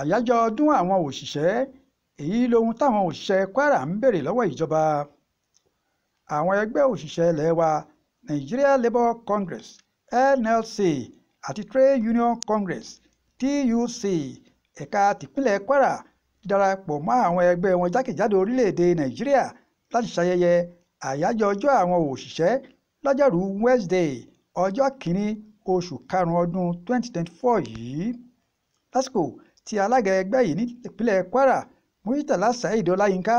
àyájọ́ ọdún àwọn òṣìṣẹ́ èyí lohun táwọn òṣìṣẹ́ kwara ń béèrè lọ́wọ́ ìjọba àwọn ẹgbẹ́ òṣìṣẹ́ ilẹ̀ wa nigeria labour congress nlc àti trade union congress tuc ẹ̀ka tìpínlẹ̀ kwara darapọ̀ mọ́ àwọn ẹgbẹ́ wọn jákèjádò orílẹ̀-èdè nàìjíríà láti ṣayẹyẹ àyájọ́ ọjọ́ àwọn òṣìṣẹ́ lọ́jọ́rú wednesday ọjọ́ kìíní oṣù karùn-ún ọdún 2024 yìí lásìkò tí alága ẹgbẹ́ yìí nípínlẹ̀ Kwara Murtala Saheed Ọláyínká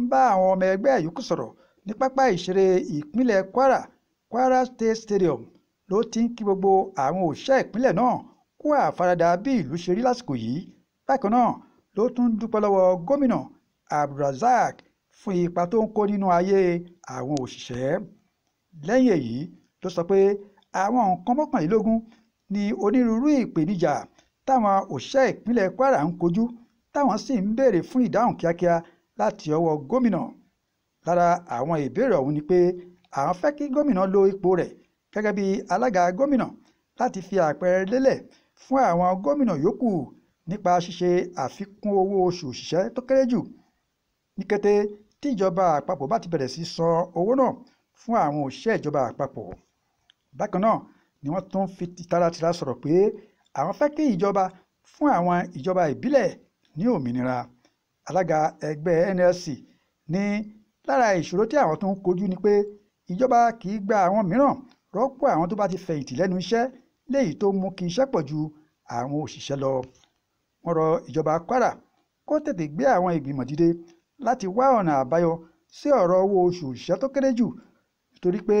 ń bá àwọn ọmọ ẹgbẹ́ yòókù sọ̀rọ̀ ní pápá ìṣeré ìpínlẹ̀ Kwara Kwara State Stadium ló ti ń kí gbogbo àwọn òṣìṣẹ́ ìpínlẹ̀ náà kú àfaradà bí ìlú ṣe rí lásìkò yìí bákan náà ló tún dúpẹ́ lọ́wọ́ gómìnà Abdulrasaq fún ipa tó ń kó nínú ayé àwọn òṣìṣẹ́ lẹ́yìn èyí ló sọ pé àwọn nǹkan mọ́kànlélógún ni onírúurú ìpèníjà táwọn òṣìṣẹ́ ìpínlẹ̀ Kwara ń kojú táwọn sì ń béèrè fún ìdáhùn kíákíá láti ọwọ́ gómìnà lára àwọn ìbéèrè ọ̀hún ni pé àwọn fẹ́ kí gómìnà lo ipò rẹ̀ gẹ́gẹ́ bí alága gómìnà láti fi àpẹẹrẹ lélẹ̀ fún àwọn gómìnà yòókù nípa ṣíṣe àfikún owó oṣù òṣìṣẹ́ tó kéré jù ní kété tí ìjọba àpapọ̀ bá ti bẹ̀rẹ̀ sí san owó náà fún àwọn òṣìṣẹ́ ìjọba àpapọ̀ bákan náà ni wọ́n tún fi tìtaratìra sọ̀rọ̀ pé àwọn fẹ́ kí ìjọba fún àwọn ìjọba ìbílẹ̀ ní òmìnira alága ẹgbẹ́ NLC ní lára ìṣòro tí àwọn tó ń kojú ni pé ìjọba kì í gba àwọn mìíràn rọ́pò àwọn tó bá ti fẹ̀yìntì lẹ́nu iṣẹ́ léyìí tó mú kí iṣẹ́ pọ̀ ju àwọn òṣìṣẹ́ lọ wọ́n rọ ìjọba Kwara kó tètè gbé àwọn ìgbìmọ̀ dìde láti wá ọ̀nà àbáyọ sí ọ̀rọ̀ owó oṣù òṣìṣẹ́ tó kéré jù nítorí pé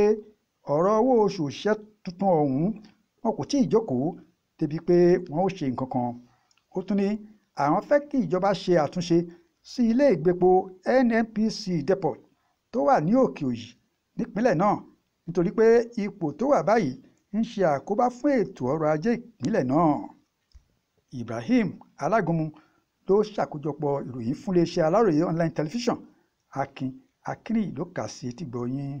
ọ̀rọ̀ owó oṣù òṣìṣẹ́ tuntun ọ̀hún wọn kò tí jókòó débi pé wọn ò ṣe nǹkan kan ó tún ní àwọn fẹ́ kí ìjọba ṣe àtúnṣe sí ilé ìgbépo NNPC depot tó wà ní òkè òyì nípínlẹ̀ náà nítorí pé ipò tó wà báyìí ń ṣe àkóbá fún ètò ọrọ̀ ajé ìpínlẹ̀ náà Ibrahim Alágúnmu ló ṣàkójọpọ̀ ìròyìn fún iléeṣẹ́ Aláròye online television Akin Akínníyì ló kà sí etí gbọ̀nyìn.